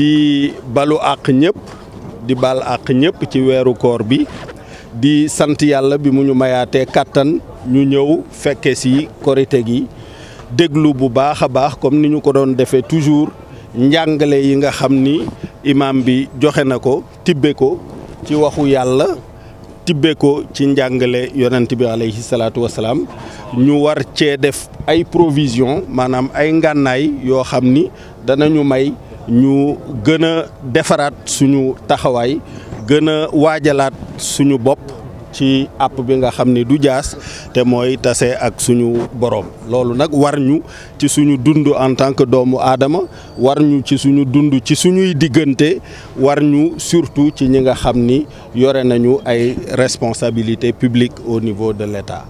di balu ak di bal ak ñëpp ci wéru koor bi di sant yalla bi mu ñu mayaté katan ñu ñëw fekke ci korité gi déglu bu baaxa baax comme ni ñu ko doon défé toujours njangalé yi nga xamni imam bi joxé nako tibé ko ci waxu yalla tibé ko ci njangalé yonnati bi alayhi salatu wassalam ñu war ci def ay provision manam ay nai yo xamni dana danañu may ñu gën a defaraat suñu taxawaay gën a waajalaat suñu bopp ci àpp bi nga xam ni du jaas te mooy tase ak suñu boroom loolu nag war ñu ci suñu dund en tant que doomu aadama war ñu ci suñu dund ci suñuy diggante war ñu surtout ci ñi nga xam ni yore nañu ay responsabilité publiques au niveau de l'État